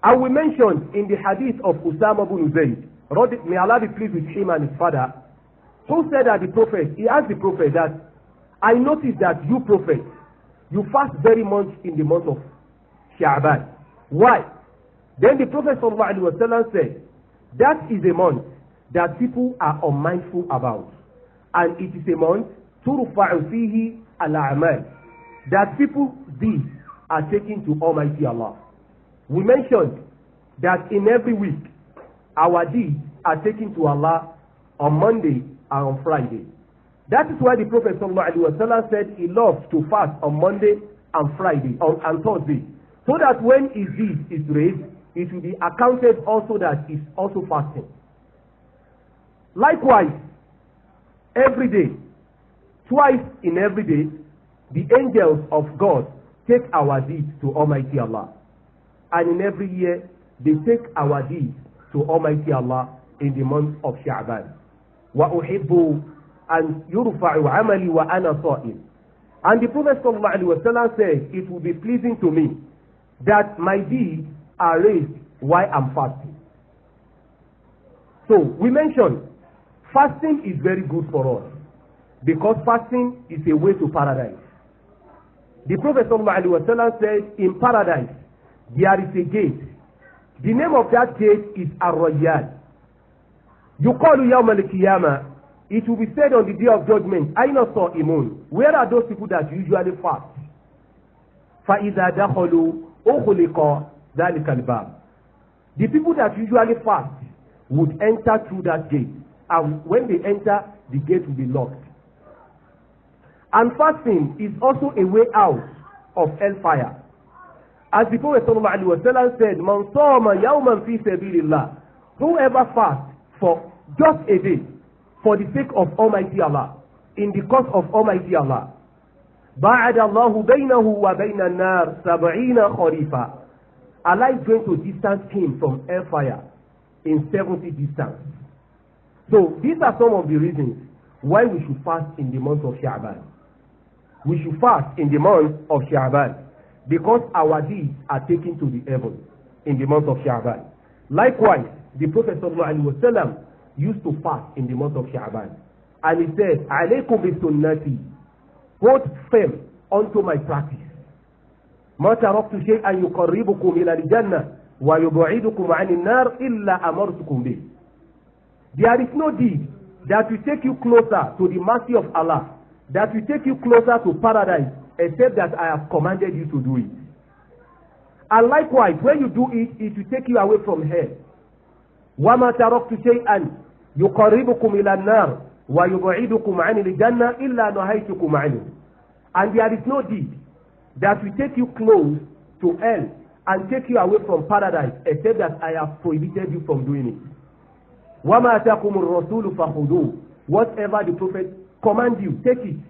And we mentioned in the hadith of Usama bin Zayd, may Allah be pleased with him and his father, who said that the prophet, he asked the prophet that, I noticed that you prophet, you fast very much in the month of Sha'ban. Why? Then the prophet sallallahu alaihi wasallam said, that is a month that people are unmindful about. And it is a month, تُرْفَعُ فِيهِ الْأَعْمَالِ That people did are taken to Almighty Allah. We mentioned that in every week, our deeds are taken to Allah on Monday and on Friday. That is why the Prophet sallallahu alaihi wasallam said he loves to fast on Monday and Friday on and Thursday, so that when his deed is raised, it will be accounted also that he's also fasting. Likewise, every day, twice in every day, the angels of God take our deeds to Almighty Allah. And in every year, they take our deeds to Almighty Allah in the month of Sha'ban. وَأُحِبُّ أَنْ يُرْفَعُ عَمَلِي وَأَنَا صَائِمٌ And the Prophet sallallahu alaihi wasallam says it will be pleasing to me that my deeds are raised while I'm fasting. So, we mentioned, fasting is very good for us because fasting is a way to paradise. The Prophet sallallahu alaihi wasallam said, in paradise, there is a gate. The name of that gate is Ar-Rayyan. Yuqalu yawm al-qiyamah. It will be said on the day of judgment, I saw sa'imun. Where are those people that usually fast? فَإِذَا دَخَلُوا أُخْلِقَ ذَلِكَ الْبَابِ The people that usually fast would enter through that gate. And when they enter, the gate will be locked. And fasting is also a way out of hellfire. As the Prophet sallallahu alaihi wasallam said, "Man sawma yawman fi sabilillah." Whoever fasts for just a day for the sake of Almighty Allah, in the cause of Almighty Allah, بعد الله بينه وبين النار سبعين خريفا, Allah is going to distance him from hellfire in 70 distance. So these are some of the reasons why we should fast in the month of Sha'ban we should fast in the month of Sha'ban because our deeds are taken to the heaven in the month of Sha'ban. Likewise, the Prophet sallallahu used to fast in the month of Sha'ban. And he said, Alaykum bi sunnati, hold firm unto my practice. ما تركت شيئا يقربكم إلى الجنة ويبعدكم عن النار إلا أمرتكم به. There is no deed that will take you closer to the mercy of Allah that will take you closer to paradise except that I have commanded you to do it. And likewise, when you do it, it will take you away from hell. وَمَا تَرَكْتُ شَيْئًا يُقَرِّبُكُمْ إِلَى النَّارِ وَيُبْعِدُكُمْ عَنِ الْجَنَّةِ إِلَّا نَهَيْتُكُمْ عَنْهُ And there is no deed that will take you close to hell and take you away from paradise except that I have prohibited you from doing it. وَمَا أَتَاكُمُ الرَّسُولُ فَخُذُوهُ Whatever the prophet command you, take it.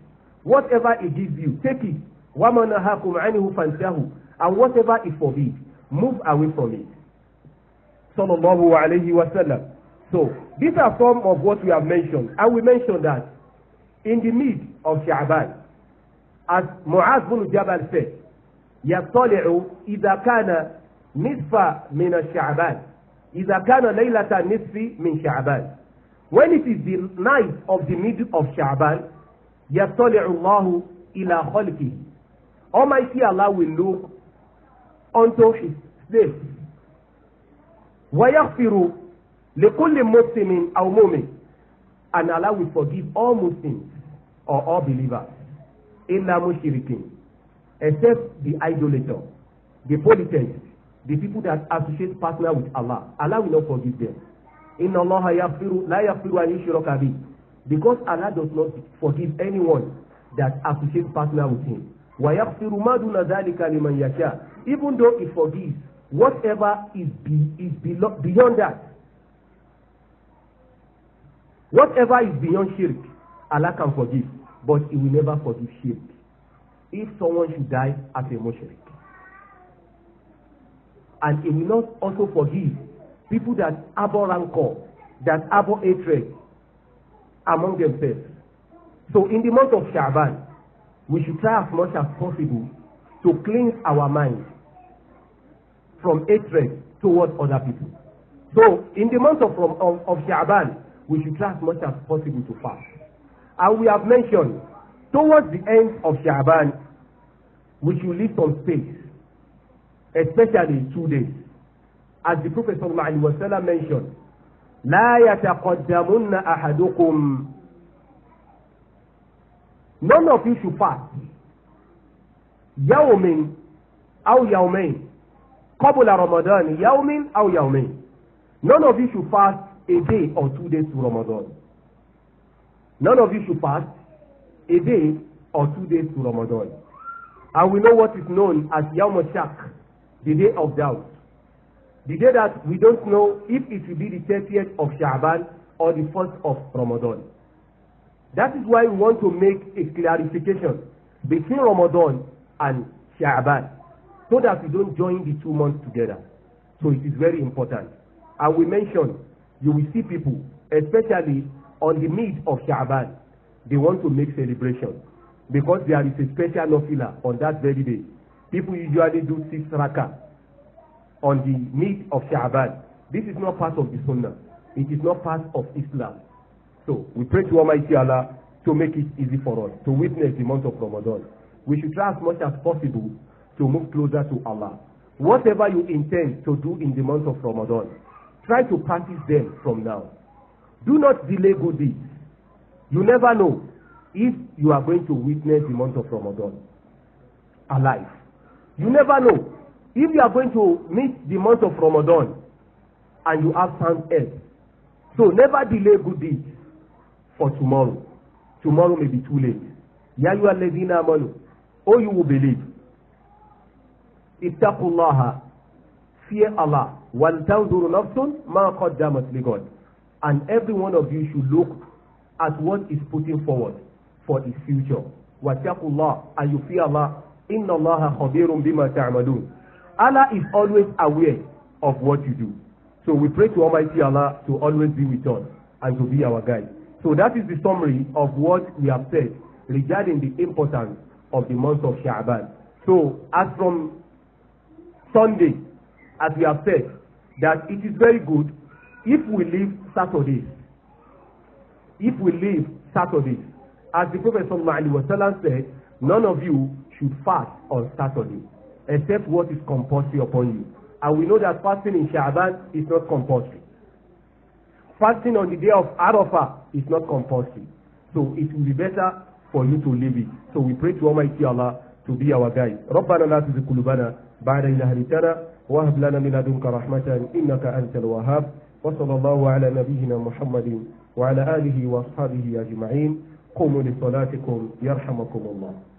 Whatever he gives you, take it. وَمَا نَهَاكُمْ عَنِهُ فَانْتَهُوا And whatever he forbids, move away from it. Sallallahu alayhi wa sallam. So, these are some of what we have mentioned. And we mentioned that in the mid of Sha'ban, as Mu'az bin Jabal said, يَطَّلِعُ إِذَا كَانَ نِصْفَ مِنَ الشَّعْبَانِ إِذَا كَانَ لَيْلَةَ نِصْفِ مِنْ شَعْبَانِ when it is the night of the middle of Sha'ban yatoli'u Allahu ila khalqihi Almighty Allah will look unto his slaves wa yaghfiru likulli muslimin aw and Allah will forgive all Muslims or all believers illa mushrikin except the idolator, the polytheists the people that associate partner with Allah Allah will not forgive them inna allaha yaghfiru la yaghfiru an yushraka bihi because allah does not forgive anyone that associates partner with him wa yaghfiru ma duna dhalika liman yasha even though he forgives whatever is be is below, beyond that whatever is beyond shirk allah can forgive but he will never forgive shirk if someone should die as a mushrik and he will not also forgive people that harbor rancor, that abhor hatred among themselves. So in the month of Shaban, we should try as much as possible to cleanse our minds from hatred towards other people. So in the month of, of, of Shaban, we should try as much as possible to fast. And we have mentioned, towards the end of Shaban, we should leave some space, especially two days as the Prophet sallallahu alaihi wasallam mentioned, La yataqaddamunna ahadukum. None of you should fast. Yawmin aw yawmain. Qabla Ramadan, yawmin aw yawmain. None of you should fast a day or two days to Ramadan. None of you should fast a day or two days to Ramadan. And we know what is known as Yawm al-Shak, the day of doubt. The day that we don't know if it will be the 30th of Sha'ban or the 1st of Ramadan. That is why we want to make a clarification between Ramadan and Sha'ban so that we don't join the two months together. So it is very important. As we mentioned you will see people, especially on the mid of Sha'ban, they want to make celebration because there is a special nafila on that very day. People usually do six rakah on the mid of Sha'ban. This is not part of the Sunnah. It is not part of Islam. So we pray to Almighty Allah to make it easy for us to witness the month of Ramadan. We should try as much as possible to move closer to Allah. Whatever you intend to do in the month of Ramadan, try to practice them from now. Do not delay good deeds. You never know if you are going to witness the month of Ramadan alive. You never know If you are going to meet the month of Ramadan and you have sound health, so never delay good deeds for tomorrow. Tomorrow may be too late. Ya ayyuha alladhina amanu, or you will believe, ittaqullaha, fear Allah, wal tanzuru nafsun ma qaddamat God, And every one of you should look at what is putting forward for his future. Wattaqullah, and you fear Allah, inna Allaha khabirun bima ta'malun. Allah is always aware of what you do. So we pray to Almighty Allah to always be with us and to be our guide. So that is the summary of what we have said regarding the importance of the month of Sha'ban. So as from Sunday, as we have said, that it is very good if we leave Saturdays, if we leave Saturdays, as the Prophet sallallahu alaihi wasallam said, none of you should fast on Saturday except what is compulsory upon you. And we know that fasting in Sha'ban is not compulsory. Fasting on the day of Arafah is not compulsory. So it will be better for you to leave it. So we pray to Almighty Allah to be our guide. ربنا لا تزغ قلوبنا بعد إذ هديتنا وهب لنا من لدنك رحمة إنك أنت الوهاب وصلى الله على نبينا محمد وعلى آله وأصحابه أجمعين قوموا لصلاتكم يرحمكم الله